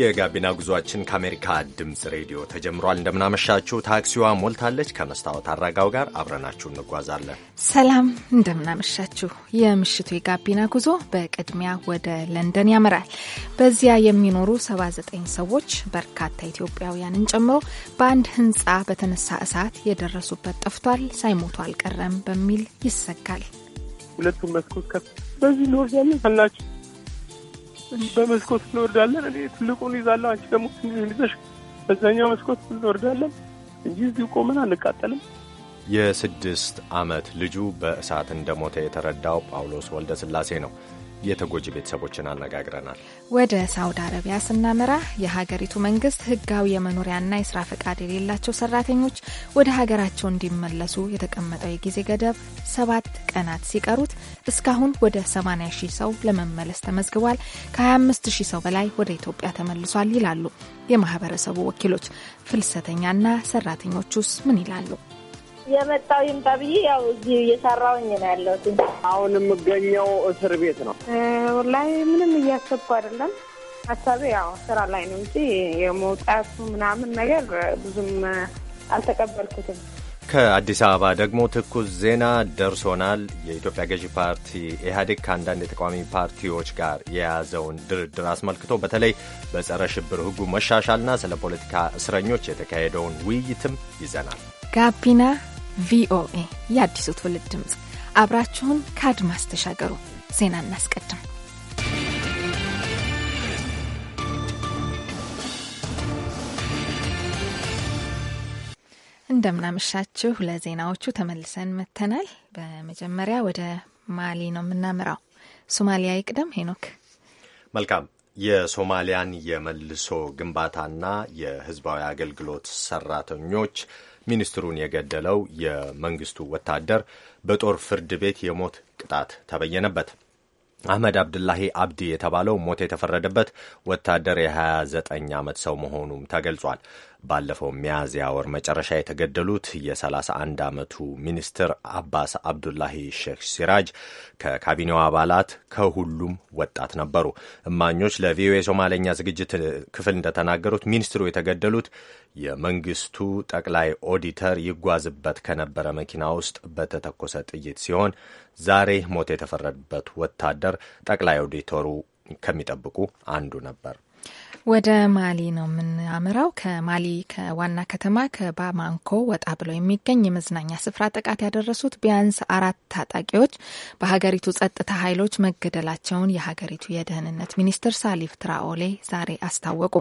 የጋቢና ጉዟችን ከአሜሪካ ድምፅ ሬዲዮ ተጀምሯል። እንደምናመሻችሁ ታክሲዋ ሞልታለች። ከመስታወት አድራጋው ጋር አብረናችሁ እንጓዛለን። ሰላም፣ እንደምናመሻችሁ። የምሽቱ የጋቢና ጉዞ በቅድሚያ ወደ ለንደን ያመራል። በዚያ የሚኖሩ 79 ሰዎች በርካታ ኢትዮጵያውያንን ጨምሮ በአንድ ሕንፃ በተነሳ እሳት የደረሱበት ጠፍቷል፣ ሳይሞቱ አልቀረም በሚል ይሰጋል። ሁለቱም መስኮት ከፍ በዚህ ኖር ያለ አላቸው በመስኮት እንወርዳለን። እኔ ትልቁን ይዛለሁ፣ አንቺ ደግሞ ትንሹን ይዘሽ በዛኛው መስኮት እንወርዳለን እንጂ እዚሁ ቆመን አንቃጠልም። የስድስት ዓመት ልጁ በእሳት እንደሞተ የተረዳው ጳውሎስ ወልደ ስላሴ ነው። የተጎጂ ቤተሰቦችን አነጋግረናል። ወደ ሳውዲ አረቢያ ስናመራ የሀገሪቱ መንግስት ህጋዊ የመኖሪያና የስራ ፈቃድ የሌላቸው ሰራተኞች ወደ ሀገራቸው እንዲመለሱ የተቀመጠው የጊዜ ገደብ ሰባት ቀናት ሲቀሩት እስካሁን ወደ 80 ሺህ ሰው ለመመለስ ተመዝግቧል። ከ25 ሺህ ሰው በላይ ወደ ኢትዮጵያ ተመልሷል ይላሉ የማህበረሰቡ ወኪሎች። ፍልሰተኛና ሰራተኞቹስ ምን ይላሉ? የመጣው ይምጣ ብዬ ያው እዚህ እየሰራውኝ ነው ያለሁት። አሁን የምገኘው እስር ቤት ነው። ላይ ምንም እያሰብኩ አይደለም። ሀሳቤ ያው ስራ ላይ ነው እንጂ የመውጣቱ ምናምን ነገር ብዙም አልተቀበልኩትም። ከአዲስ አበባ ደግሞ ትኩስ ዜና ደርሶናል። የኢትዮጵያ ገዢ ፓርቲ ኢህአዴግ ከአንዳንድ የተቃዋሚ ፓርቲዎች ጋር የያዘውን ድርድር አስመልክቶ በተለይ በጸረ ሽብር ሕጉ መሻሻልና ስለ ፖለቲካ እስረኞች የተካሄደውን ውይይትም ይዘናል። ጋቢና ቪኦኤ የአዲሱ ትውልድ ድምፅ፣ አብራችሁን ከአድማስ ተሻገሩ። ዜና እናስቀድም። እንደምናመሻችሁ። ለዜናዎቹ ተመልሰን መጥተናል። በመጀመሪያ ወደ ማሊ ነው የምናምራው። ሶማሊያ ይቅደም። ሄኖክ መልካም። የሶማሊያን የመልሶ ግንባታና የህዝባዊ አገልግሎት ሰራተኞች ሚኒስትሩን የገደለው የመንግስቱ ወታደር በጦር ፍርድ ቤት የሞት ቅጣት ተበየነበት። አህመድ አብድላሂ አብዲ የተባለው ሞት የተፈረደበት ወታደር የ29 ዓመት ሰው መሆኑም ተገልጿል። ባለፈው ሚያዝያ ወር መጨረሻ የተገደሉት የ31 ዓመቱ ሚኒስትር አባስ አብዱላሂ ሼክ ሲራጅ ከካቢኔው አባላት ከሁሉም ወጣት ነበሩ። እማኞች ለቪኦኤ ሶማለኛ ዝግጅት ክፍል እንደተናገሩት ሚኒስትሩ የተገደሉት የመንግስቱ ጠቅላይ ኦዲተር ይጓዝበት ከነበረ መኪና ውስጥ በተተኮሰ ጥይት ሲሆን ዛሬ ሞት የተፈረደበት ወታደር ጠቅላይ ኦዲተሩ ከሚጠብቁ አንዱ ነበር። ወደ ማሊ ነው የምናመራው። ከማሊ ከዋና ከተማ ከባማንኮ ወጣ ብሎ የሚገኝ የመዝናኛ ስፍራ ጥቃት ያደረሱት ቢያንስ አራት ታጣቂዎች በሀገሪቱ ጸጥታ ኃይሎች መገደላቸውን የሀገሪቱ የደህንነት ሚኒስትር ሳሊፍ ትራኦሌ ዛሬ አስታወቁ።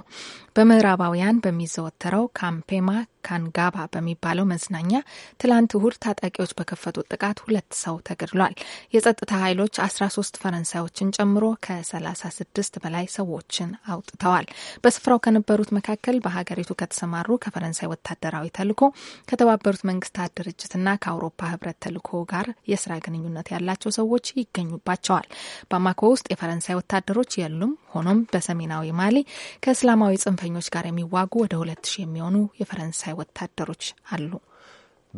በምዕራባውያን በሚዘወተረው ካምፔማ ካንጋባ በሚባለው መዝናኛ ትላንት እሁድ ታጣቂዎች በከፈቱት ጥቃት ሁለት ሰው ተገድሏል። የጸጥታ ኃይሎች 13 ፈረንሳዮችን ጨምሮ ከ36 በላይ ሰዎችን አውጥተዋል። በስፍራው ከነበሩት መካከል በሀገሪቱ ከተሰማሩ ከፈረንሳይ ወታደራዊ ተልዕኮ ከተባበሩት መንግስታት ድርጅትና ከአውሮፓ ህብረት ተልዕኮ ጋር የስራ ግንኙነት ያላቸው ሰዎች ይገኙባቸዋል። ባማኮ ውስጥ የፈረንሳይ ወታደሮች የሉም። ሆኖም በሰሜናዊ ማሊ ከእስላማዊ ጽንፈኞች ጋር የሚዋጉ ወደ ሁለት ሺህ የሚሆኑ የፈረንሳይ ወታደሮች አሉ።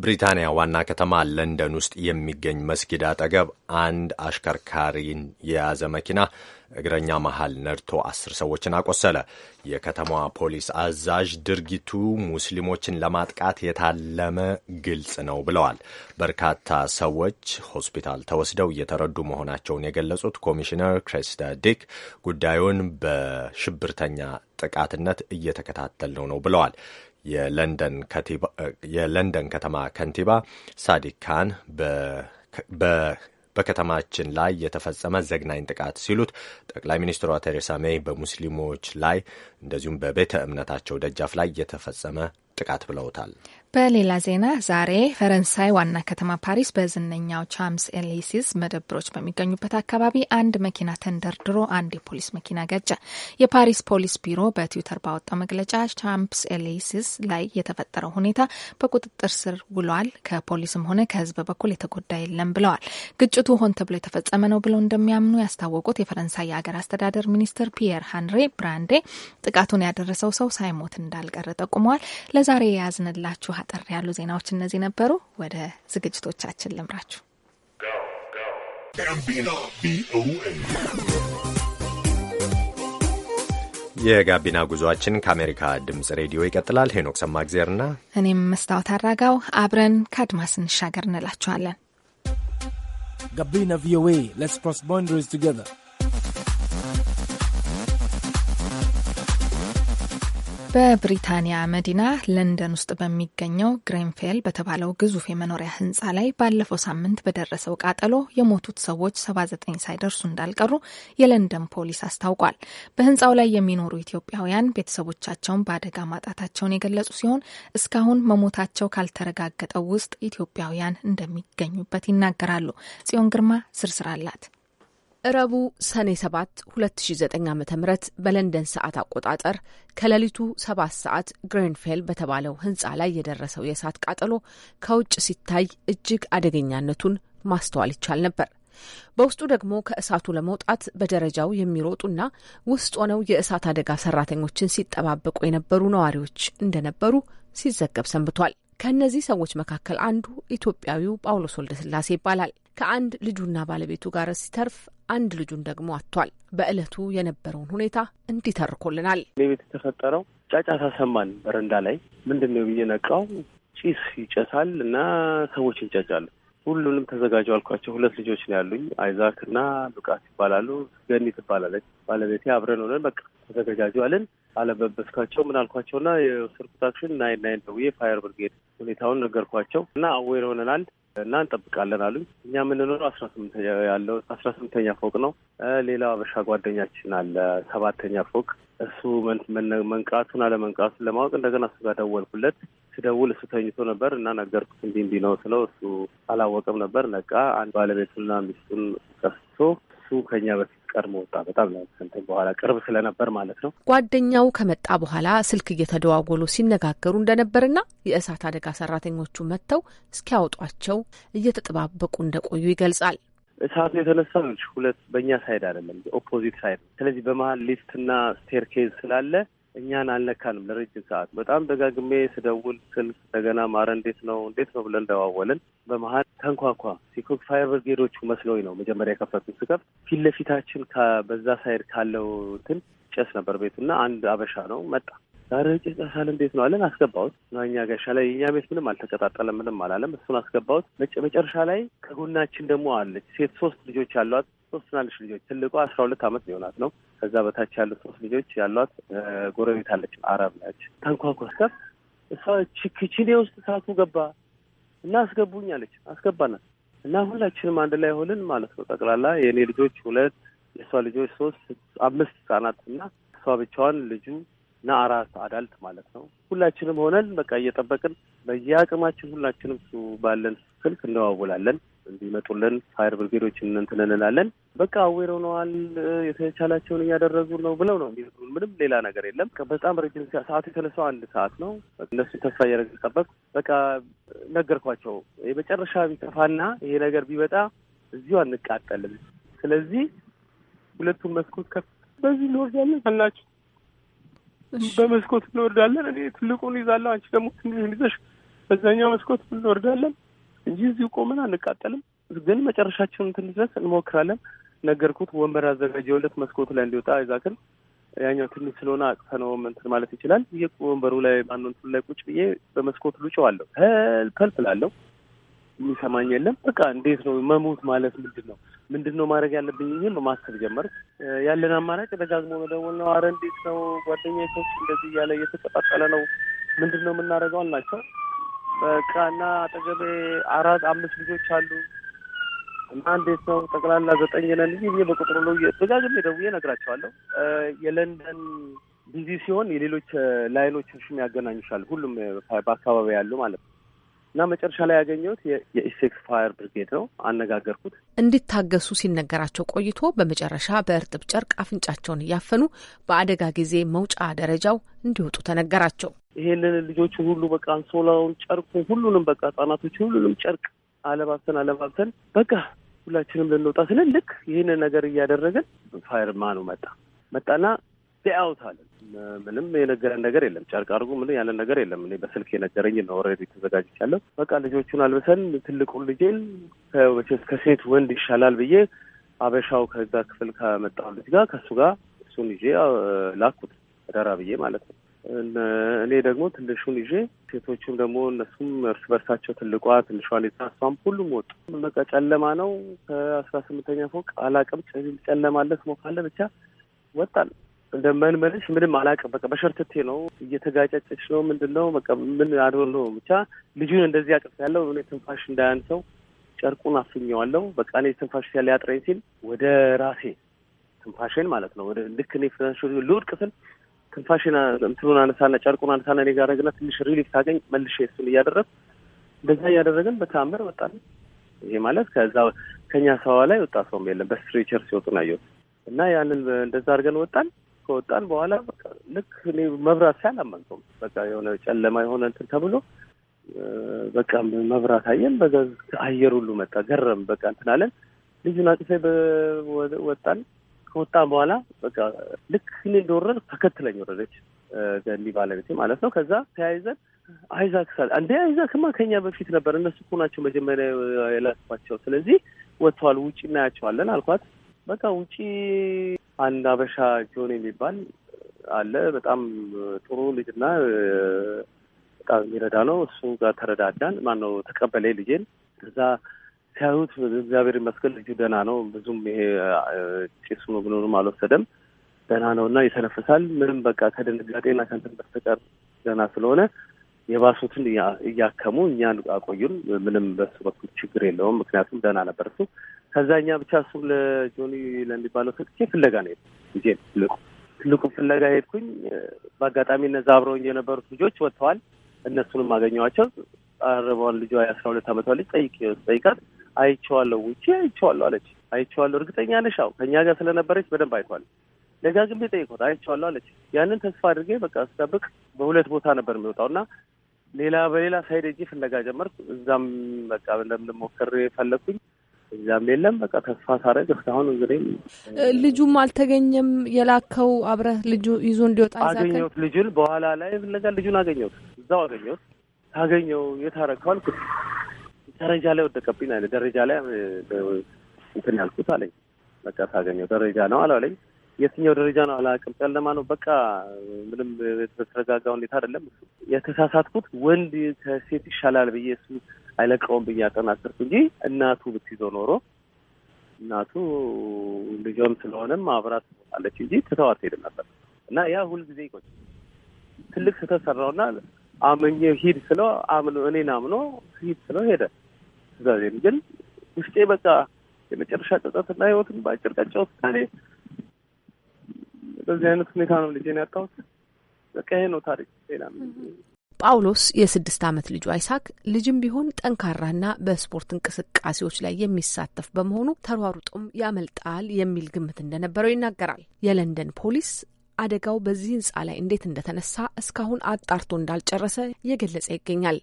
ብሪታንያ ዋና ከተማ ለንደን ውስጥ የሚገኝ መስጊድ አጠገብ አንድ አሽከርካሪን የያዘ መኪና እግረኛ መሃል ነድቶ አስር ሰዎችን አቆሰለ። የከተማዋ ፖሊስ አዛዥ ድርጊቱ ሙስሊሞችን ለማጥቃት የታለመ ግልጽ ነው ብለዋል። በርካታ ሰዎች ሆስፒታል ተወስደው እየተረዱ መሆናቸውን የገለጹት ኮሚሽነር ክሬስተ ዲክ ጉዳዩን በሽብርተኛ ጥቃትነት እየተከታተልነው ነው ብለዋል። የለንደን ከተማ ከንቲባ ሳዲቅ ካን በከተማችን ላይ የተፈጸመ ዘግናኝ ጥቃት ሲሉት ጠቅላይ ሚኒስትሯ ቴሬሳ ሜይ በሙስሊሞች ላይ እንደዚሁም በቤተ እምነታቸው ደጃፍ ላይ የተፈጸመ ጥቃት ብለውታል። በሌላ ዜና ዛሬ ፈረንሳይ ዋና ከተማ ፓሪስ በዝነኛው ቻምስ ኤሊሲስ መደብሮች በሚገኙበት አካባቢ አንድ መኪና ተንደርድሮ አንድ የፖሊስ መኪና ገጨ። የፓሪስ ፖሊስ ቢሮ በትዊተር ባወጣው መግለጫ ቻምፕስ ኤሊሲስ ላይ የተፈጠረው ሁኔታ በቁጥጥር ስር ውሏል፣ ከፖሊስም ሆነ ከሕዝብ በኩል የተጎዳ የለም ብለዋል። ግጭቱ ሆን ተብሎ የተፈጸመ ነው ብለው እንደሚያምኑ ያስታወቁት የፈረንሳይ የሀገር አስተዳደር ሚኒስትር ፒየር ሃንሬ ብራንዴ ጥቃቱን ያደረሰው ሰው ሳይሞት እንዳልቀረ ጠቁመዋል። ለዛሬ የያዝንላችሁ አጠር ያሉ ዜናዎች እነዚህ ነበሩ። ወደ ዝግጅቶቻችን ልምራችሁ። የጋቢና ጉዞአችን ከአሜሪካ ድምጽ ሬዲዮ ይቀጥላል። ሄኖክ ሰማእግዜርና እኔም መስታወት አራጋው አብረን ከአድማስ እንሻገር እንላችኋለን። ጋቢና ቪኦኤ ሌትስ ክሮስ ባውንደሪስ ቱጌዘር በብሪታንያ መዲና ለንደን ውስጥ በሚገኘው ግሬንፌል በተባለው ግዙፍ የመኖሪያ ህንፃ ላይ ባለፈው ሳምንት በደረሰው ቃጠሎ የሞቱት ሰዎች 79 ሳይደርሱ እንዳልቀሩ የለንደን ፖሊስ አስታውቋል። በህንፃው ላይ የሚኖሩ ኢትዮጵያውያን ቤተሰቦቻቸውን በአደጋ ማጣታቸውን የገለጹ ሲሆን እስካሁን መሞታቸው ካልተረጋገጠው ውስጥ ኢትዮጵያውያን እንደሚገኙበት ይናገራሉ። ጽዮን ግርማ ዝርዝር አላት። ረቡ ሰኔ 7 2009 ዓ ም በለንደን ሰዓት አቆጣጠር ከሌሊቱ 7 ሰዓት ግሬንፌል በተባለው ህንፃ ላይ የደረሰው የእሳት ቃጠሎ ከውጭ ሲታይ እጅግ አደገኛነቱን ማስተዋል ይቻል ነበር። በውስጡ ደግሞ ከእሳቱ ለመውጣት በደረጃው የሚሮጡና ውስጥ ሆነው የእሳት አደጋ ሰራተኞችን ሲጠባበቁ የነበሩ ነዋሪዎች እንደነበሩ ሲዘገብ ሰንብቷል። ከእነዚህ ሰዎች መካከል አንዱ ኢትዮጵያዊው ጳውሎስ ወልደስላሴ ይባላል። ከአንድ ልጁና ባለቤቱ ጋር ሲተርፍ አንድ ልጁን ደግሞ አጥቷል። በእለቱ የነበረውን ሁኔታ እንዲህ ተርኮልናል። ቤት የተፈጠረው ጫጫታ ሰማን። በረንዳ ላይ ምንድን ነው ብዬ ነቃው። ጭስ ይጨሳል እና ሰዎች ይንጫጫሉ። ሁሉንም ተዘጋጁ አልኳቸው። ሁለት ልጆች ነው ያሉኝ፣ አይዛክ እና ሉቃስ ይባላሉ። ገኒ ትባላለች ባለቤቴ። አብረን ሆነን በቃ ተዘጋጁ አለን። አለበበስካቸው ምን አልኳቸውና የወሰድኩት አክሽን ናይን ናይን ደውዬ ፋየር ብርጌድ ሁኔታውን ነገርኳቸው እና አዌር ሆነናል እና እንጠብቃለን አሉኝ። እኛ የምንኖረው አስራ ስምንተኛ ያለው አስራ ስምንተኛ ፎቅ ነው። ሌላው አበሻ ጓደኛችን አለ ሰባተኛ ፎቅ። እሱ መንቃቱን አለመንቃቱን ለማወቅ እንደገና እሱ ጋር ደወልኩለት። ስደውል እሱ ተኝቶ ነበር እና ነገርኩት እንዲህ እንዲህ ነው ስለው እሱ አላወቅም ነበር። ነቃ። አንድ ባለቤቱና ሚስቱን ቀስቶ እሱ ከኛ በፊት ቀድሞ ወጣ። በጣም በኋላ ቅርብ ስለነበር ማለት ነው። ጓደኛው ከመጣ በኋላ ስልክ እየተደዋወሉ ሲነጋገሩ እንደነበርና የእሳት አደጋ ሰራተኞቹ መጥተው እስኪያወጧቸው እየተጠባበቁ እንደቆዩ ይገልጻል። እሳቱ የተነሳ ሁለት በእኛ ሳይድ አይደለም፣ ኦፖዚት ሳይድ። ስለዚህ በመሀል ሊፍትና ስቴርኬዝ ስላለ እኛን አልነካንም ለረጅም ሰዓት። በጣም ደጋግሜ ስደውል ስልክ እንደገና ማረ እንዴት ነው እንዴት ነው ብለን ደዋወልን። በመሀል ተንኳኳ። ሲኮክ ፋይር ብርጌዶቹ መስለውኝ ነው መጀመሪያ የከፈቱን። ስከፍት ፊት ለፊታችን በዛ ሳይድ ካለው እንትን ጨስ ነበር ቤቱና አንድ አበሻ ነው መጣ። ዛሬ ጭሳል እንዴት ነው አለን። አስገባሁት ነው እኛ ጋሻ ላይ የኛ ቤት ምንም አልተቀጣጠለም ምንም አላለም። እሱን አስገባሁት። መጨረሻ ላይ ከጎናችን ደግሞ አለች ሴት ሶስት ልጆች አሏት ሶስት ትናንሽ ልጆች ትልቋ አስራ ሁለት አመት ሊሆናት ነው። ከዛ በታች ያሉት ሶስት ልጆች ያሏት ጎረቤት አለች፣ አረብ ነች። ተንኳኮስከፍ እሷ ችክችሌ ውስጥ እሳቱ ገባ እና አስገቡኝ አለች። አስገባናት እና ሁላችንም አንድ ላይ ሆንን ማለት ነው። ጠቅላላ የእኔ ልጆች ሁለት፣ የእሷ ልጆች ሶስት፣ አምስት ህጻናት እና እሷ ብቻዋን ልጁ እና አራት አዳልት ማለት ነው። ሁላችንም ሆነን በቃ እየጠበቅን በየአቅማችን ሁላችንም እሱ ባለን ስልክ እንደዋውላለን። እንዲመጡልን ፋይር ብርጌዶች እንትን እንላለን። በቃ አዌር ሆነዋል፣ የተቻላቸውን እያደረጉ ነው ብለው ነው የሚነግሩን። ምንም ሌላ ነገር የለም። በጣም ረጅም ሰዓት የተነሳው አንድ ሰዓት ነው። እነሱን ተስፋ እያደረግ ጠበቅ በቃ ነገርኳቸው። የመጨረሻ ቢጠፋና ይሄ ነገር ቢመጣ እዚሁ አንቃጠልም። ስለዚህ ሁለቱን መስኮት ከፍ በዚህ እንወርዳለን አልናቸው። በመስኮት እንወርዳለን። እኔ ትልቁን ይዛለሁ፣ አንቺ ደግሞ ትንሽ ይዘሽ በዛኛው መስኮት እንወርዳለን እንጂ እዚሁ ቆመን አንቃጠልም። ግን መጨረሻችን እንትን ድረስ እንሞክራለን። ነገርኩት ወንበር አዘጋጀውለት መስኮቱ ላይ እንዲወጣ ይዛክል ያኛው ትንሽ ስለሆነ አቅፈነውም እንትን ማለት ይችላል። ይህ ወንበሩ ላይ ማነው ላይ ቁጭ ብዬ በመስኮት ልጮዋለሁ፣ ሄልፕ ሄልፕ እላለሁ። የሚሰማኝ የለም። በቃ እንዴት ነው መሞት ማለት ምንድን ነው? ምንድን ነው ማድረግ ያለብኝ? ይህን በማሰብ ጀመርኩ። ያለን አማራጭ ደጋግሞ መደወል ነው። አረ እንዴት ነው ጓደኛ ሰዎች እንደዚህ እያለ እየተቀጣጠለ ነው፣ ምንድን ነው የምናደርገው አልናቸው። በቃ እና አጠገቤ አራት አምስት ልጆች አሉ እና እንዴት ነው ጠቅላላ ዘጠኝ ነን እ በቁጥሩ ነው በጋግም ደውዬ ነግራቸዋለሁ። የለንደን ቢዚ ሲሆን የሌሎች ላይኖች ሽም ያገናኙሻል ሁሉም በአካባቢ ያሉ ማለት ነው እና መጨረሻ ላይ ያገኘሁት የኢሴክስ ፋየር ብርጌድ ነው። አነጋገርኩት። እንዲታገሱ ሲነገራቸው ቆይቶ በመጨረሻ በእርጥብ ጨርቅ አፍንጫቸውን እያፈኑ በአደጋ ጊዜ መውጫ ደረጃው እንዲወጡ ተነገራቸው። ይሄንን ልጆቹ ሁሉ በቃ አንሶላውን፣ ጨርቁ ሁሉንም በቃ ህጻናቶች ሁሉንም ጨርቅ አለባብተን አለባብተን በቃ ሁላችንም ልንወጣ ስንል ልክ ይህንን ነገር እያደረግን ነው መጣ መጣና ያውታል ምንም የነገረን ነገር የለም። ጨርቅ አድርጎ ምን ያለን ነገር የለም። እኔ በስልክ የነገረኝ ነው። ኦልሬዲ ተዘጋጅቻለሁ። በቃ ልጆቹን አልብሰን ትልቁን ልጄን ከሴት ወንድ ይሻላል ብዬ አበሻው ከዛ ክፍል ከመጣው ልጅ ጋር ከእሱ ጋር እሱን ይዤ ላኩት ደራ ብዬ ማለት ነው። እኔ ደግሞ ትንሹን ይዤ ሴቶቹም ደግሞ እነሱም እርስ በርሳቸው ትልቋ ትንሿ የታሷም ሁሉም ወጡ። በቃ ጨለማ ነው። ከአስራ ስምንተኛ ፎቅ አላቅም ጨለማለት ሞካለ ብቻ ወጣል እንደ እንደምንመልሽ ምንም አላውቅም። በቃ በሸርትቴ ነው እየተጋጨጨች ነው ምንድን ነው በቃ ምን አድሎ ብቻ ልጁን እንደዚህ ያቅፍ ያለው እኔ ትንፋሽ እንዳያንሰው ጨርቁን አፍኘዋለሁ። በቃ እኔ ትንፋሽ ሲያለ ያጥረኝ ሲል ወደ ራሴ ትንፋሽን ማለት ነው ወደ ልክ እኔ ፍናንሽ ልውድቅ ስል ትንፋሽን እንትኑን አነሳና ጨርቁን አነሳና እኔ ጋር ደግና ትንሽ ሪሊፍ ታገኝ መልሼ እሱን እያደረግ እንደዛ እያደረግን በተአምር ወጣን። ይሄ ማለት ከዛ ከእኛ ሰዋ ላይ ወጣ ሰውም የለም። በስትሬቸር ሲወጡ ናየት እና ያንን እንደዛ አድርገን ወጣን። ከወጣን በኋላ ልክ እኔ መብራት ሲያል አመንከው በቃ የሆነ ጨለማ የሆነ እንትን ተብሎ በቃ መብራት አየን። በቃ አየር ሁሉ መጣ ገረም በቃ እንትን አለን። ልጁን አቅፌ ወጣን። ከወጣ በኋላ በቃ ልክ እኔ እንደወረድ ተከትለኝ ወረደች፣ ገሊ ባለቤቴ ማለት ነው። ከዛ ተያይዘን አይዛክ ሳል እንደ አይዛክማ ከኛ በፊት ነበር። እነሱ እኮ ናቸው መጀመሪያ የላኳቸው። ስለዚህ ወጥተዋል፣ ውጭ እናያቸዋለን አልኳት። በቃ ውጪ አንድ አበሻ ጆን የሚባል አለ። በጣም ጥሩ ልጅና በጣም የሚረዳ ነው። እሱ ጋር ተረዳዳን። ማን ነው ተቀበለ ልጄን። ከዛ ሲያዩት እግዚአብሔር ይመስገን ልጁ ደህና ነው። ብዙም ይሄ ጭሱ ነው ምኑንም አልወሰደም። ደህና ነው እና ይተነፍሳል። ምንም በቃ ከድንጋጤና ከንትን በስተቀር ደህና ስለሆነ የባሱትን እያከሙ እኛን አቆዩን። ምንም በሱ በኩል ችግር የለውም። ምክንያቱም ደህና ነበር እሱ ከዛኛ ብቻ እሱም ለጆኒ ለሚባለው ሰጥቼ ፍለጋ ነው ጊዜ ትልቁ ትልቁ ፍለጋ ሄድኩኝ። በአጋጣሚ እነዛ አብረውኝ የነበሩት ልጆች ወጥተዋል። እነሱንም አገኘዋቸው። አረቧን ልጇ የአስራ ሁለት ዓመቷ ልጅ ጠይቅ ጠይቃት አይቼዋለሁ፣ ውጪ አይቼዋለሁ አለች። አይቼዋለሁ እርግጠኛ ነሽ? አዎ ከእኛ ጋር ስለነበረች በደንብ አይቷል። ደጋግሜ ጠይቆት አይቼዋለሁ አለች። ያንን ተስፋ አድርጌ በቃ ስጠብቅ በሁለት ቦታ ነበር የሚወጣው እና ሌላ በሌላ ሳይድ እጅ ፍለጋ ጀመርኩ። እዛም በቃ ለምንም የፈለግኩኝ እዛም የለም። በቃ ተስፋ ሳረግ እስካሁን እንግዲህ ልጁም አልተገኘም። የላከው አብረህ ልጁ ይዞ እንዲወጣ አገኘሁት። ልጁን በኋላ ላይ ፍለጋ ልጁን አገኘሁት፣ እዛው አገኘሁት። ታገኘው የታረከው አልኩት። ደረጃ ላይ ወደቀብኝ አለ። ደረጃ ላይ እንትን ያልኩት አለኝ። በቃ ታገኘው ደረጃ ነው አላለኝ። የትኛው ደረጃ ነው አላውቅም። ጨለማ ነው በቃ ምንም የተረጋጋ ሁኔታ አይደለም። የተሳሳትኩት ወንድ ከሴት ይሻላል ብዬ እሱ አይለቀውም ብዬ አጠናከርኩ እንጂ እናቱ ብትይዘው ኖሮ እናቱ ልጇም ስለሆነም አብራት አለች እንጂ ትተው አትሄድም ነበር እና ያ ሁልጊዜ ይቆጭ ትልቅ ስህተት ሰራውና አመኘ ሂድ ስለው አምኖ እኔን አምኖ ሂድ ስለው ሄደ። ትዛዜም ግን ውስጤ በቃ የመጨረሻ ጸጸትና ህይወትን በአጭር ቀጫ ታኔ በዚህ አይነት ሁኔታ ነው ልጄን ያጣሁት። በቃ ይሄ ነው ታሪክ ሌላ ጳውሎስ የስድስት ዓመት ልጇ አይሳክ ልጅም ቢሆን ጠንካራና በስፖርት እንቅስቃሴዎች ላይ የሚሳተፍ በመሆኑ ተሯሩጦም ያመልጣል የሚል ግምት እንደነበረው ይናገራል። የለንደን ፖሊስ አደጋው በዚህ ህንፃ ላይ እንዴት እንደተነሳ እስካሁን አጣርቶ እንዳልጨረሰ እየገለጸ ይገኛል።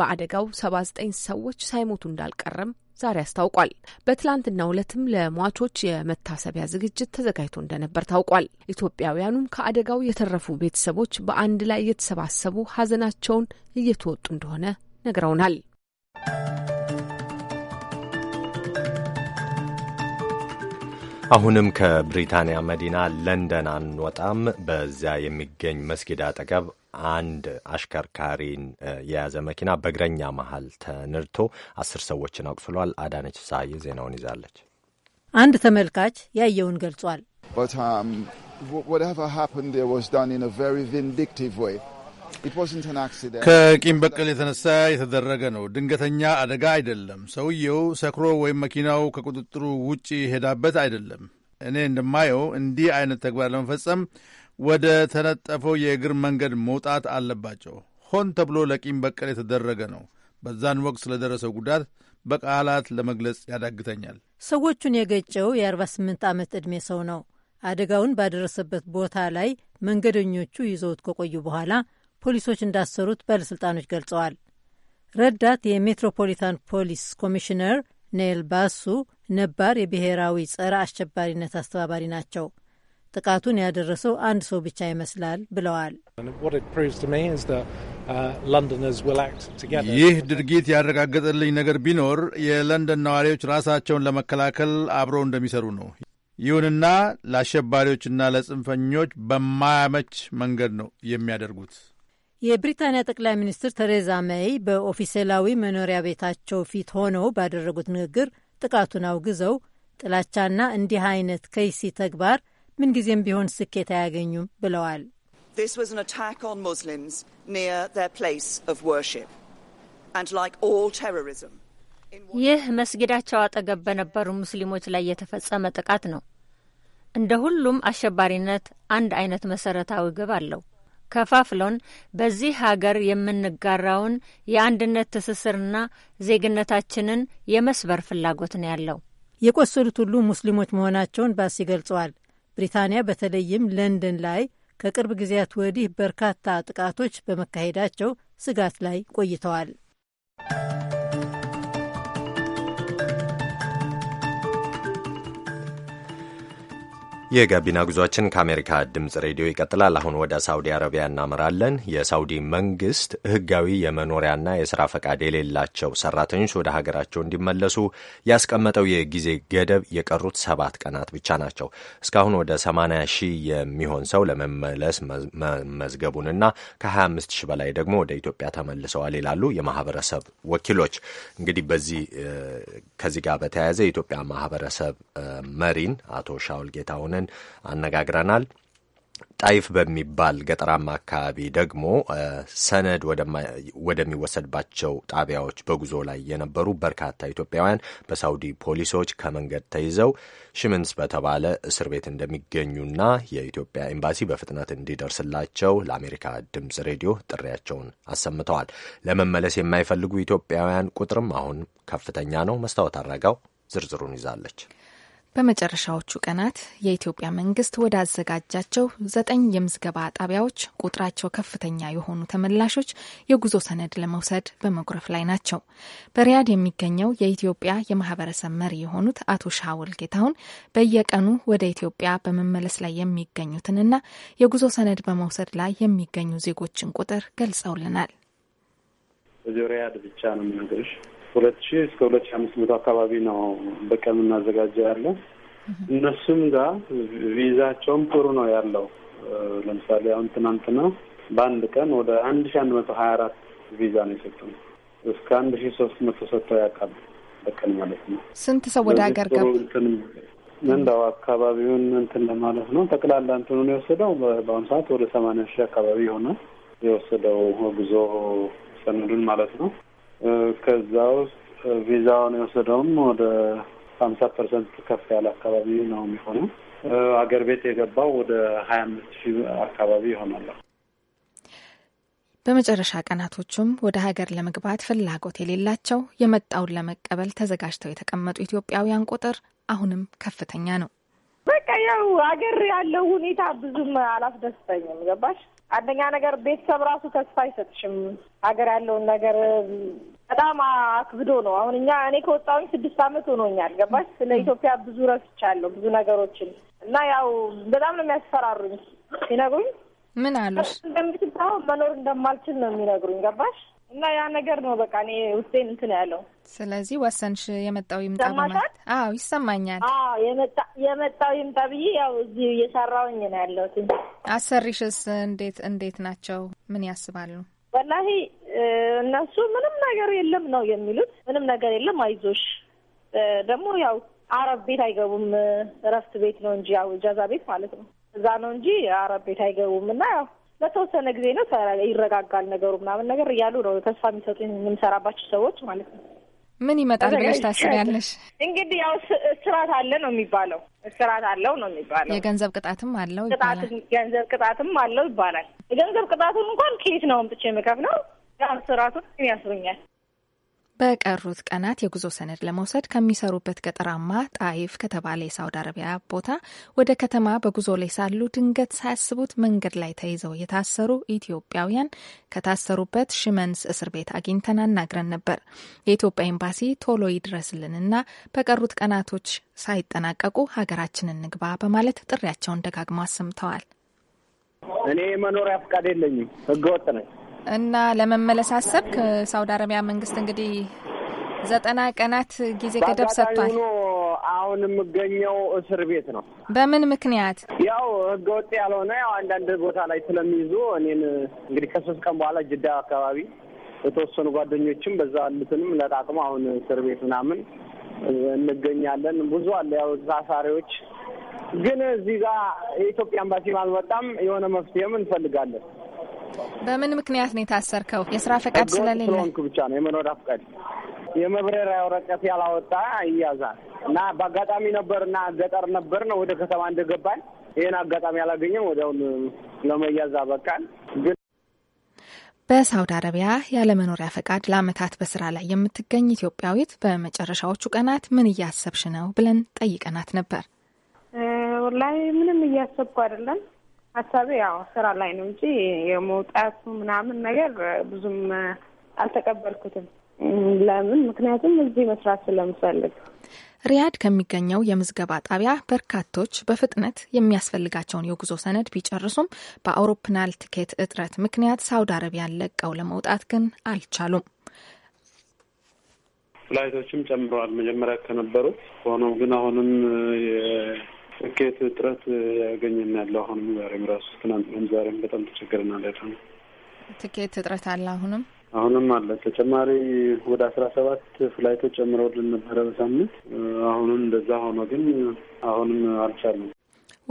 በአደጋው ሰባ ዘጠኝ ሰዎች ሳይሞቱ እንዳልቀረም ዛሬ አስታውቋል። በትላንትናው ዕለትም ለሟቾች የመታሰቢያ ዝግጅት ተዘጋጅቶ እንደነበር ታውቋል። ኢትዮጵያውያኑም ከአደጋው የተረፉ ቤተሰቦች በአንድ ላይ እየተሰባሰቡ ሀዘናቸውን እየተወጡ እንደሆነ ነግረውናል። አሁንም ከብሪታንያ መዲና ለንደን አንወጣም። በዚያ የሚገኝ መስጊድ አጠገብ አንድ አሽከርካሪን የያዘ መኪና በእግረኛ መሀል ተነድቶ አስር ሰዎችን አቁስሏል። አዳነች ሳይ ዜናውን ይዛለች። አንድ ተመልካች ያየውን ገልጿል። um, ከቂም በቀል የተነሳ የተደረገ ነው። ድንገተኛ አደጋ አይደለም። ሰውየው ሰክሮ ወይም መኪናው ከቁጥጥሩ ውጭ ሄዳበት አይደለም። እኔ እንደማየው እንዲህ አይነት ተግባር ለመፈጸም ወደ ተነጠፈው የእግር መንገድ መውጣት አለባቸው። ሆን ተብሎ ለቂም በቀል የተደረገ ነው። በዛን ወቅት ስለደረሰው ጉዳት በቃላት ለመግለጽ ያዳግተኛል። ሰዎቹን የገጨው የ48 ዓመት ዕድሜ ሰው ነው። አደጋውን ባደረሰበት ቦታ ላይ መንገደኞቹ ይዘውት ከቆዩ በኋላ ፖሊሶች እንዳሰሩት ባለሥልጣኖች ገልጸዋል። ረዳት የሜትሮፖሊታን ፖሊስ ኮሚሽነር ኔል ባሱ ነባር የብሔራዊ ጸረ አሸባሪነት አስተባባሪ ናቸው። ጥቃቱን ያደረሰው አንድ ሰው ብቻ ይመስላል ብለዋል። uh, ይህ ድርጊት ያረጋገጠልኝ ነገር ቢኖር የለንደን ነዋሪዎች ራሳቸውን ለመከላከል አብረው እንደሚሰሩ ነው። ይሁንና ለአሸባሪዎችና ለጽንፈኞች በማያመች መንገድ ነው የሚያደርጉት። የብሪታንያ ጠቅላይ ሚኒስትር ተሬዛ ሜይ በኦፊሴላዊ መኖሪያ ቤታቸው ፊት ሆነው ባደረጉት ንግግር ጥቃቱን አውግዘው ጥላቻና እንዲህ አይነት ከይሲ ተግባር ምንጊዜም ቢሆን ስኬት አያገኙም ብለዋል። ይህ መስጊዳቸው አጠገብ በነበሩ ሙስሊሞች ላይ የተፈጸመ ጥቃት ነው። እንደ ሁሉም አሸባሪነት አንድ አይነት መሰረታዊ ግብ አለው። ከፋፍሎን በዚህ ሀገር የምንጋራውን የአንድነት ትስስርና ዜግነታችንን የመስበር ፍላጎት ነው ያለው። የቆሰሉት ሁሉ ሙስሊሞች መሆናቸውን ባስ ይገልጸዋል። ብሪታንያ በተለይም ለንደን ላይ ከቅርብ ጊዜያት ወዲህ በርካታ ጥቃቶች በመካሄዳቸው ስጋት ላይ ቆይተዋል። የጋቢና ጉዟችን ከአሜሪካ ድምፅ ሬዲዮ ይቀጥላል። አሁን ወደ ሳውዲ አረቢያ እናመራለን። የሳውዲ መንግስት ህጋዊ የመኖሪያና የሥራ ፈቃድ የሌላቸው ሰራተኞች ወደ ሀገራቸው እንዲመለሱ ያስቀመጠው የጊዜ ገደብ የቀሩት ሰባት ቀናት ብቻ ናቸው። እስካሁን ወደ 80 ሺህ የሚሆን ሰው ለመመለስ መመዝገቡንና ከ25 ሺህ በላይ ደግሞ ወደ ኢትዮጵያ ተመልሰዋል ይላሉ የማህበረሰብ ወኪሎች። እንግዲህ በዚህ ከዚህ ጋር በተያያዘ የኢትዮጵያ ማህበረሰብ መሪን አቶ ሻውል ጌታሁንን ምሁራንን አነጋግረናል። ጣይፍ በሚባል ገጠራማ አካባቢ ደግሞ ሰነድ ወደሚወሰድባቸው ጣቢያዎች በጉዞ ላይ የነበሩ በርካታ ኢትዮጵያውያን በሳውዲ ፖሊሶች ከመንገድ ተይዘው ሽምንስ በተባለ እስር ቤት እንደሚገኙና የኢትዮጵያ ኤምባሲ በፍጥነት እንዲደርስላቸው ለአሜሪካ ድምፅ ሬዲዮ ጥሪያቸውን አሰምተዋል። ለመመለስ የማይፈልጉ ኢትዮጵያውያን ቁጥርም አሁን ከፍተኛ ነው። መስታወት አረጋው ዝርዝሩን ይዛለች። በመጨረሻዎቹ ቀናት የኢትዮጵያ መንግስት አዘጋጃቸው ዘጠኝ የምዝገባ ጣቢያዎች ቁጥራቸው ከፍተኛ የሆኑ ተመላሾች የጉዞ ሰነድ ለመውሰድ በመጉረፍ ላይ ናቸው። በሪያድ የሚገኘው የኢትዮጵያ የማህበረሰብ መሪ የሆኑት አቶ ሻውል ጌታሁን በየቀኑ ወደ ኢትዮጵያ በመመለስ ላይ የሚገኙትንና የጉዞ ሰነድ በመውሰድ ላይ የሚገኙ ዜጎችን ቁጥር ገልጸውልናል። እዚ ሪያድ ብቻ ነው ሁለት ሺ እስከ ሁለት ሺ አምስት መቶ አካባቢ ነው በቀን እናዘጋጀ ያለ። እነሱም ጋር ቪዛቸውም ጥሩ ነው ያለው። ለምሳሌ አሁን ትናንትና በአንድ ቀን ወደ አንድ ሺ አንድ መቶ ሀያ አራት ቪዛ ነው የሰጡ ነው እስከ አንድ ሺ ሶስት መቶ ሰጥተው ያውቃል በቀን ማለት ነው። ስንት ሰው ወደ ሀገር ገቡ? እንዳው አካባቢውን እንትን ለማለት ነው ጠቅላላ እንትኑን የወሰደው በአሁኑ ሰዓት ወደ ሰማንያ ሺህ አካባቢ የሆነ የወሰደው ጉዞ ሰነዱን ማለት ነው። ከዛ ውስጥ ቪዛውን የወሰደውም ወደ ሀምሳ ፐርሰንት ከፍ ያለ አካባቢ ነው የሚሆነው። አገር ቤት የገባው ወደ ሀያ አምስት ሺህ አካባቢ ይሆናል። በመጨረሻ ቀናቶቹም ወደ ሀገር ለመግባት ፍላጎት የሌላቸው የመጣውን ለመቀበል ተዘጋጅተው የተቀመጡ ኢትዮጵያውያን ቁጥር አሁንም ከፍተኛ ነው። በቃ ያው ሀገር ያለው ሁኔታ ብዙም አላስደስተኝም። ገባሽ አንደኛ ነገር ቤተሰብ ራሱ ተስፋ አይሰጥሽም። ሀገር ያለውን ነገር በጣም አክብዶ ነው። አሁን እኛ እኔ ከወጣሁኝ ስድስት አመት ሆኖኛል። ገባሽ? ስለ ኢትዮጵያ ብዙ ረስቻለሁ ብዙ ነገሮችን እና ያው በጣም ነው የሚያስፈራሩኝ ሲነግሩኝ ምን አሉሽ እንደምትባው መኖር እንደማልችል ነው የሚነግሩኝ። ገባሽ? እና ያ ነገር ነው በቃ እኔ ውስጤን እንትን ያለው። ስለዚህ ወሰንሽ የመጣው ይምጣ በማለት አዎ፣ ይሰማኛል። የመጣው ይምጣ ብዬ ያው እዚህ እየሰራውኝ ነው ያለሁት። አሰሪሽስ እንዴት እንዴት ናቸው? ምን ያስባሉ? ወላሂ እነሱ ምንም ነገር የለም ነው የሚሉት። ምንም ነገር የለም አይዞሽ። ደግሞ ያው አረብ ቤት አይገቡም፣ እረፍት ቤት ነው እንጂ ያው እጃዛ ቤት ማለት ነው። እዛ ነው እንጂ አረብ ቤት አይገቡም እና ያው ለተወሰነ ጊዜ ነው ይረጋጋል ነገሩ ምናምን ነገር እያሉ ነው ተስፋ የሚሰጡኝ የምንሰራባቸው ሰዎች ማለት ነው። ምን ይመጣል ብለሽ ታስቢያለሽ? እንግዲህ ያው እስራት አለ ነው የሚባለው፣ እስራት አለው ነው የሚባለው። የገንዘብ ቅጣትም አለው ይባላል። ገንዘብ ቅጣትም አለው ይባላል። የገንዘብ ቅጣቱን እንኳን ከየት ነው አምጥቼ የምከፍለው? ያው እስራቱን ያስሩኛል በቀሩት ቀናት የጉዞ ሰነድ ለመውሰድ ከሚሰሩበት ገጠራማ ጣይፍ ከተባለ የሳውዲ አረቢያ ቦታ ወደ ከተማ በጉዞ ላይ ሳሉ ድንገት ሳያስቡት መንገድ ላይ ተይዘው የታሰሩ ኢትዮጵያውያን ከታሰሩበት ሽመንስ እስር ቤት አግኝተን አናግረን ነበር። የኢትዮጵያ ኤምባሲ ቶሎ ይድረስልንና በቀሩት ቀናቶች ሳይጠናቀቁ ሀገራችንን ንግባ በማለት ጥሪያቸውን ደጋግሞ አሰምተዋል። እኔ መኖሪያ ፍቃድ የለኝም፣ ህገወጥ ነኝ እና ለመመለስ አሰብ ከሳውዲ አረቢያ መንግስት እንግዲህ ዘጠና ቀናት ጊዜ ገደብ ሰጥቷል። አሁን የምገኘው እስር ቤት ነው። በምን ምክንያት? ያው ህገወጥ ያልሆነ ያው አንዳንድ ቦታ ላይ ስለሚይዙ እኔን እንግዲህ ከሶስት ቀን በኋላ ጅዳ አካባቢ የተወሰኑ ጓደኞችም በዛ ያሉትንም ለጣቅሞ አሁን እስር ቤት ምናምን እንገኛለን። ብዙ አለ ያው ታሳሪዎች ግን እዚህ ጋር የኢትዮጵያ ኤምባሲም አልመጣም። የሆነ መፍትሄም እንፈልጋለን። በምን ምክንያት ነው የታሰርከው? የስራ ፈቃድ ስለሌለ ብቻ ነው የመኖሪያ ፈቃድ የመብረሪያ ወረቀት ያላወጣ ይያዛል። እና በአጋጣሚ እና ገጠር ነበርን ወደ ከተማ እንደገባን ይህን አጋጣሚ ያላገኘም ወዲያውን ለመያዝ አበቃን። ግን በሳውዲ አረቢያ ያለመኖሪያ ፈቃድ ለአመታት በስራ ላይ የምትገኝ ኢትዮጵያዊት በመጨረሻዎቹ ቀናት ምን እያሰብሽ ነው ብለን ጠይቀናት ነበር። ላይ ምንም እያሰብኩ አይደለም ሀሳቤ ያው ስራ ላይ ነው እንጂ የመውጣቱ ምናምን ነገር ብዙም አልተቀበልኩትም። ለምን? ምክንያቱም እዚህ መስራት ስለምፈልግ። ሪያድ ከሚገኘው የምዝገባ ጣቢያ በርካቶች በፍጥነት የሚያስፈልጋቸውን የጉዞ ሰነድ ቢጨርሱም በአውሮፕላን ትኬት እጥረት ምክንያት ሳውዲ አረቢያን ለቀው ለመውጣት ግን አልቻሉም። ፍላይቶችም ጨምረዋል መጀመሪያ ከነበሩት። ሆኖም ግን አሁንም ስኬት እጥረት ያገኘን ያለው አሁንም ዛሬም ራሱ ትናንትም ዛሬም በጣም ተቸገርና ለዳ ነው። ትኬት እጥረት አለ አሁንም አሁንም አለ። ተጨማሪ ወደ አስራ ሰባት ፍላይቶች ጨምረውልን ነበረ በሳምንት አሁንም እንደዛ ሆኖ ግን አሁንም አልቻሉም።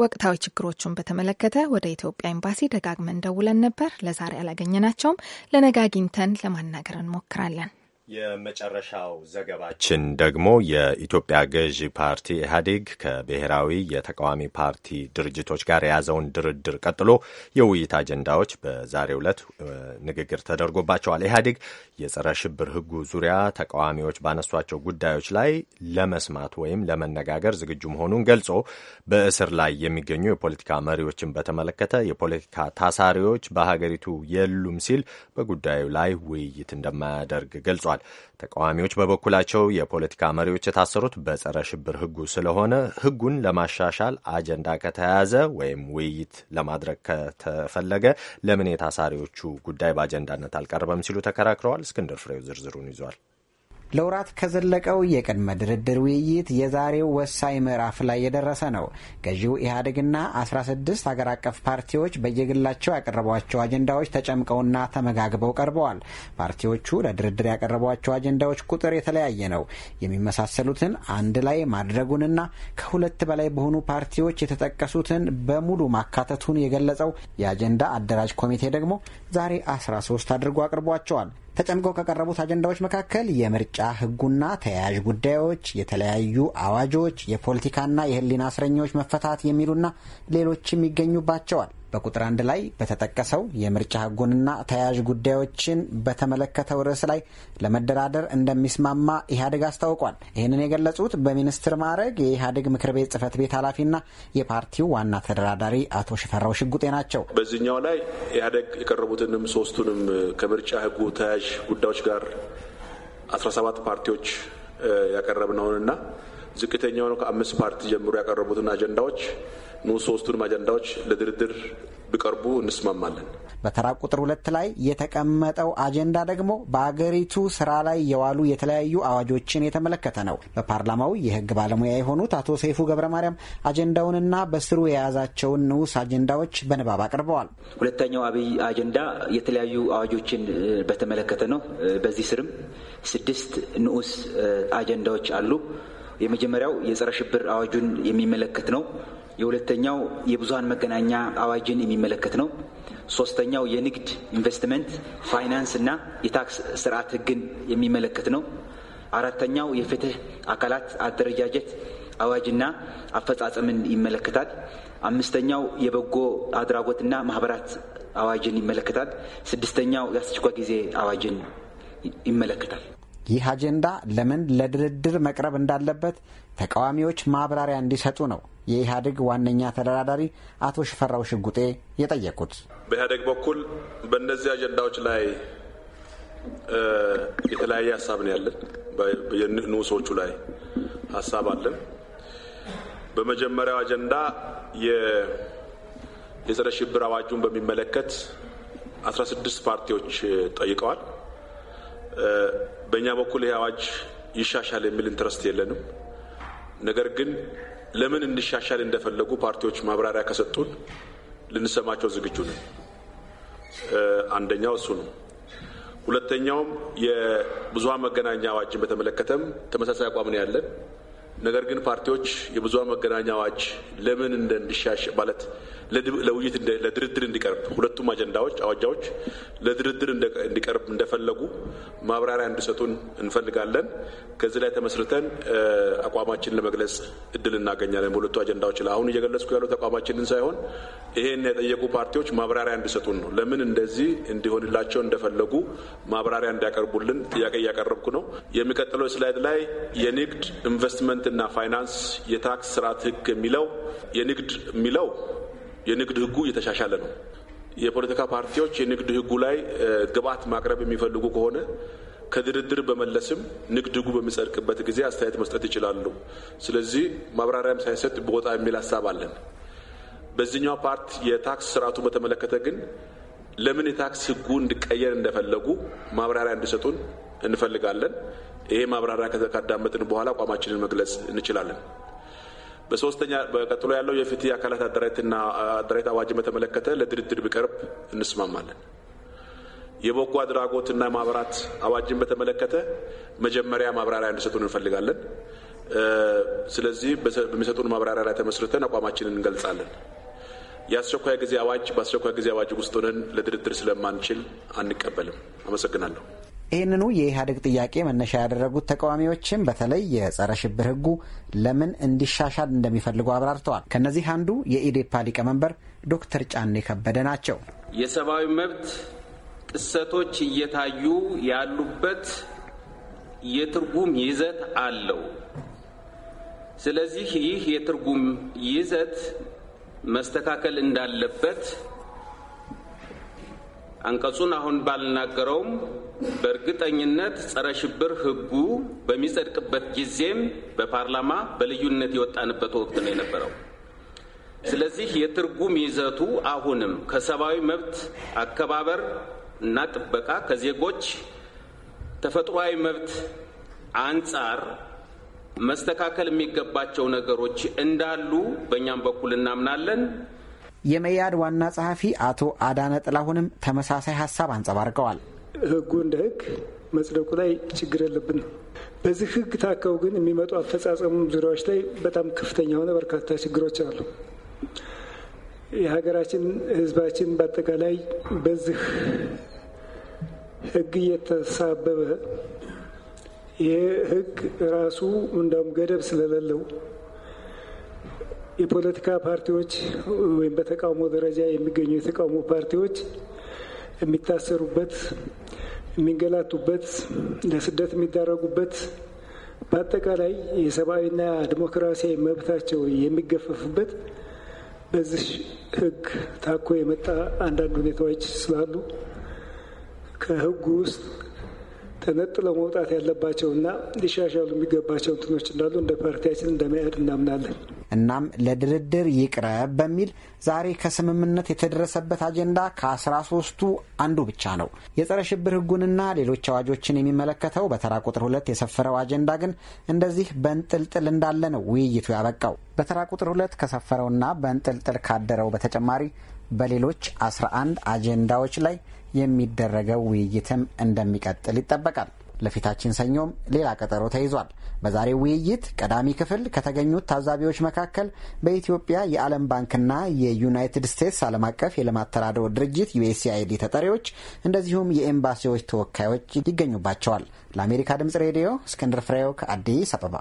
ወቅታዊ ችግሮቹን በተመለከተ ወደ ኢትዮጵያ ኤምባሲ ደጋግመን ደውለን ነበር። ለዛሬ አላገኘናቸውም። ለነገ አግኝተን ለማናገር እንሞክራለን። የመጨረሻው ዘገባችን ደግሞ የኢትዮጵያ ገዢ ፓርቲ ኢህአዴግ ከብሔራዊ የተቃዋሚ ፓርቲ ድርጅቶች ጋር የያዘውን ድርድር ቀጥሎ የውይይት አጀንዳዎች በዛሬው ዕለት ንግግር ተደርጎባቸዋል። ኢህአዴግ የጸረ ሽብር ህጉ ዙሪያ ተቃዋሚዎች ባነሷቸው ጉዳዮች ላይ ለመስማት ወይም ለመነጋገር ዝግጁ መሆኑን ገልጾ በእስር ላይ የሚገኙ የፖለቲካ መሪዎችን በተመለከተ የፖለቲካ ታሳሪዎች በሀገሪቱ የሉም ሲል በጉዳዩ ላይ ውይይት እንደማያደርግ ገልጿል። ገልጸዋል። ተቃዋሚዎች በበኩላቸው የፖለቲካ መሪዎች የታሰሩት በጸረ ሽብር ህጉ ስለሆነ ህጉን ለማሻሻል አጀንዳ ከተያያዘ ወይም ውይይት ለማድረግ ከተፈለገ ለምን የታሳሪዎቹ ጉዳይ በአጀንዳነት አልቀረበም ሲሉ ተከራክረዋል። እስክንድር ፍሬው ዝርዝሩን ይዟል። ለውራት ከዘለቀው የቅድመ ድርድር ውይይት የዛሬው ወሳኝ ምዕራፍ ላይ የደረሰ ነው። ገዢው ኢህአዴግና 16 ሀገር አቀፍ ፓርቲዎች በየግላቸው ያቀረቧቸው አጀንዳዎች ተጨምቀውና ተመጋግበው ቀርበዋል። ፓርቲዎቹ ለድርድር ያቀረቧቸው አጀንዳዎች ቁጥር የተለያየ ነው። የሚመሳሰሉትን አንድ ላይ ማድረጉንና ከሁለት በላይ በሆኑ ፓርቲዎች የተጠቀሱትን በሙሉ ማካተቱን የገለጸው የአጀንዳ አደራጅ ኮሚቴ ደግሞ ዛሬ 13 አድርጎ አቅርቧቸዋል። ተጨምቀው ከቀረቡት አጀንዳዎች መካከል የምርጫ ሕጉና ተያያዥ ጉዳዮች፣ የተለያዩ አዋጆች፣ የፖለቲካና የሕሊና እስረኞች መፈታት የሚሉና ሌሎችም ይገኙባቸዋል። በቁጥር አንድ ላይ በተጠቀሰው የምርጫ ህጉንና ተያያዥ ጉዳዮችን በተመለከተው ርዕስ ላይ ለመደራደር እንደሚስማማ ኢህአዴግ አስታውቋል። ይህንን የገለጹት በሚኒስትር ማዕረግ የኢህአዴግ ምክር ቤት ጽህፈት ቤት ኃላፊና የፓርቲው ዋና ተደራዳሪ አቶ ሽፈራው ሽጉጤ ናቸው። በዚህኛው ላይ ኢህአዴግ የቀረቡትንም ሶስቱንም ከምርጫ ህጉ ተያያዥ ጉዳዮች ጋር 17 ፓርቲዎች ያቀረብነውንና ዝቅተኛውን ከአምስት ፓርቲ ጀምሮ ያቀረቡትን አጀንዳዎች ኑ ሶስቱንም አጀንዳዎች ለድርድር ቢቀርቡ እንስማማለን። በተራ ቁጥር ሁለት ላይ የተቀመጠው አጀንዳ ደግሞ በአገሪቱ ስራ ላይ የዋሉ የተለያዩ አዋጆችን የተመለከተ ነው። በፓርላማው የህግ ባለሙያ የሆኑት አቶ ሰይፉ ገብረ ማርያም አጀንዳውንና በስሩ የያዛቸውን ንዑስ አጀንዳዎች በንባብ አቅርበዋል። ሁለተኛው አብይ አጀንዳ የተለያዩ አዋጆችን በተመለከተ ነው። በዚህ ስርም ስድስት ንዑስ አጀንዳዎች አሉ። የመጀመሪያው የጸረ ሽብር አዋጁን የሚመለከት ነው። የሁለተኛው የብዙሀን መገናኛ አዋጅን የሚመለከት ነው። ሶስተኛው የንግድ ኢንቨስትመንት ፋይናንስ እና የታክስ ስርዓት ህግን የሚመለከት ነው። አራተኛው የፍትህ አካላት አደረጃጀት አዋጅና አፈጻጸምን ይመለከታል። አምስተኛው የበጎ አድራጎትና ማህበራት አዋጅን ይመለከታል። ስድስተኛው የአስቸኳይ ጊዜ አዋጅን ይመለከታል። ይህ አጀንዳ ለምን ለድርድር መቅረብ እንዳለበት ተቃዋሚዎች ማብራሪያ እንዲሰጡ ነው የኢህአዴግ ዋነኛ ተደራዳሪ አቶ ሽፈራው ሽጉጤ የጠየቁት በኢህአዴግ በኩል በእነዚህ አጀንዳዎች ላይ የተለያየ ሀሳብ ነው ያለን። ንዑሶቹ ላይ ሀሳብ አለን። በመጀመሪያው አጀንዳ የጸረ ሽብር አዋጁን በሚመለከት አስራስድስት ፓርቲዎች ጠይቀዋል። በእኛ በኩል ይህ አዋጅ ይሻሻል የሚል ኢንትረስት የለንም። ነገር ግን ለምን እንሻሻል እንደፈለጉ ፓርቲዎች ማብራሪያ ከሰጡን ልንሰማቸው ዝግጁ ነን። አንደኛው እሱ ነው። ሁለተኛውም የብዙሀን መገናኛ አዋጅን በተመለከተም ተመሳሳይ አቋም ነው ያለን። ነገር ግን ፓርቲዎች የብዙሀን መገናኛ አዋጅ ለምን እንዲሻሽ ማለት ለውይይት ለድርድር እንዲቀርብ ሁለቱም አጀንዳዎች አዋጃዎች ለድርድር እንዲቀርብ እንደፈለጉ ማብራሪያ እንዲሰጡን እንፈልጋለን። ከዚህ ላይ ተመስርተን አቋማችን ለመግለጽ እድል እናገኛለን። በሁለቱ አጀንዳዎች ላይ አሁን እየገለጽኩ ያሉት አቋማችንን ሳይሆን ይሄን የጠየቁ ፓርቲዎች ማብራሪያ እንዲሰጡን ነው። ለምን እንደዚህ እንዲሆንላቸው እንደፈለጉ ማብራሪያ እንዲያቀርቡልን ጥያቄ እያቀረብኩ ነው። የሚቀጥለው ስላይድ ላይ የንግድ እና ፋይናንስ የታክስ ስርዓት ህግ የሚለው የንግድ የሚለው የንግድ ህጉ እየተሻሻለ ነው። የፖለቲካ ፓርቲዎች የንግድ ህጉ ላይ ግብዓት ማቅረብ የሚፈልጉ ከሆነ ከድርድር በመለስም ንግድ ህጉ በሚጸድቅበት ጊዜ አስተያየት መስጠት ይችላሉ። ስለዚህ ማብራሪያም ሳይሰጥ ቦታ የሚል ሀሳብ አለን። በዚህኛው ፓርት የታክስ ስርዓቱ በተመለከተ ግን ለምን የታክስ ህጉ እንዲቀየር እንደፈለጉ ማብራሪያ እንዲሰጡን እንፈልጋለን። ይሄ ማብራሪያ ካዳመጥን በኋላ አቋማችንን መግለጽ እንችላለን። በሶስተኛ በቀጥሎ ያለው የፍትህ አካላት አደራጅትና አደራጅት አዋጅ በተመለከተ ለድርድር ቢቀርብ እንስማማለን። የበጎ አድራጎትና ማህበራት አዋጅን በተመለከተ መጀመሪያ ማብራሪያ እንዲሰጡን እንፈልጋለን። ስለዚህ በሚሰጡን ማብራሪያ ላይ ተመስርተን አቋማችንን እንገልጻለን። የአስቸኳይ ጊዜ አዋጅ በአስቸኳይ ጊዜ አዋጅ ውስጥ ሆነን ለድርድር ስለማንችል አንቀበልም። አመሰግናለሁ። ይህንኑ የኢህአዴግ ጥያቄ መነሻ ያደረጉት ተቃዋሚዎችም በተለይ የጸረ ሽብር ህጉ ለምን እንዲሻሻል እንደሚፈልጉ አብራርተዋል። ከእነዚህ አንዱ የኢዴፓ ሊቀመንበር ዶክተር ጫኔ ከበደ ናቸው። የሰብአዊ መብት ጥሰቶች እየታዩ ያሉበት የትርጉም ይዘት አለው። ስለዚህ ይህ የትርጉም ይዘት መስተካከል እንዳለበት አንቀጹን አሁን ባልናገረውም በእርግጠኝነት ጸረ ሽብር ህጉ በሚጸድቅበት ጊዜም በፓርላማ በልዩነት የወጣንበት ወቅት ነው የነበረው። ስለዚህ የትርጉም ይዘቱ አሁንም ከሰብአዊ መብት አከባበር እና ጥበቃ ከዜጎች ተፈጥሯዊ መብት አንጻር መስተካከል የሚገባቸው ነገሮች እንዳሉ በእኛም በኩል እናምናለን። የመያድ ዋና ጸሐፊ አቶ አዳነ ጥላሁንም ተመሳሳይ ሀሳብ አንጸባርቀዋል። ህጉ እንደ ህግ መጽደቁ ላይ ችግር የለብን። በዚህ ህግ ታከው ግን የሚመጡ አፈጻጸሙ ዙሪያዎች ላይ በጣም ከፍተኛ የሆነ በርካታ ችግሮች አሉ። የሀገራችን ህዝባችን በአጠቃላይ በዚህ ህግ እየተሳበበ ይህ ህግ ራሱ እንደውም ገደብ ስለሌለው የፖለቲካ ፓርቲዎች ወይም በተቃውሞ ደረጃ የሚገኙ የተቃውሞ ፓርቲዎች የሚታሰሩበት፣ የሚንገላቱበት፣ ለስደት የሚዳረጉበት በአጠቃላይ የሰብአዊና ዲሞክራሲያዊ መብታቸው የሚገፈፍበት በዚህ ህግ ታኮ የመጣ አንዳንድ ሁኔታዎች ስላሉ ከህጉ ውስጥ ተነጥለው መውጣት ያለባቸውና ሊሻሻሉ የሚገባቸው እንትኖች እንዳሉ እንደ ፓርቲያችን እንደ መያድ እናምናለን። እናም ለድርድር ይቅረብ በሚል ዛሬ ከስምምነት የተደረሰበት አጀንዳ ከአስራ ሶስቱ አንዱ ብቻ ነው። የጸረ ሽብር ህጉንና ሌሎች አዋጆችን የሚመለከተው በተራ ቁጥር ሁለት የሰፈረው አጀንዳ ግን እንደዚህ በንጥልጥል እንዳለ ነው ውይይቱ ያበቃው። በተራ ቁጥር ሁለት ከሰፈረውና በንጥልጥል ካደረው በተጨማሪ በሌሎች አስራ አንድ አጀንዳዎች ላይ የሚደረገው ውይይትም እንደሚቀጥል ይጠበቃል። ለፊታችን ሰኞም ሌላ ቀጠሮ ተይዟል። በዛሬው ውይይት ቀዳሚ ክፍል ከተገኙት ታዛቢዎች መካከል በኢትዮጵያ የዓለም ባንክና የዩናይትድ ስቴትስ ዓለም አቀፍ የልማት ተራድኦ ድርጅት ዩኤስኤአይዲ ተጠሪዎች እንደዚሁም የኤምባሲዎች ተወካዮች ይገኙባቸዋል። ለአሜሪካ ድምጽ ሬዲዮ እስክንድር ፍሬው ከአዲስ አበባ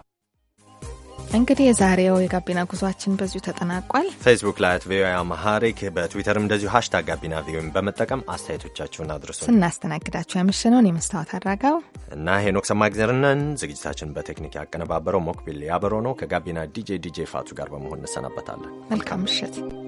እንግዲህ የዛሬው የጋቢና ጉዟችን በዚሁ ተጠናቋል። ፌስቡክ ላይ አት አማሃሪክ በትዊተርም እንደዚሁ ሀሽታግ ጋቢና ቪኦኤን በመጠቀም አስተያየቶቻችሁን አድርሱ። ስናስተናግዳችሁ ያመሸነውን የመስታወት አድራጋው እና ሄኖክ ግዘርነን ዝግጅታችን በቴክኒክ ያቀነባበረው ሞክቢል ያበሮ ነው። ከጋቢና ዲጄ ዲጄ ፋቱ ጋር በመሆን እንሰናበታለን። መልካም ምሽት።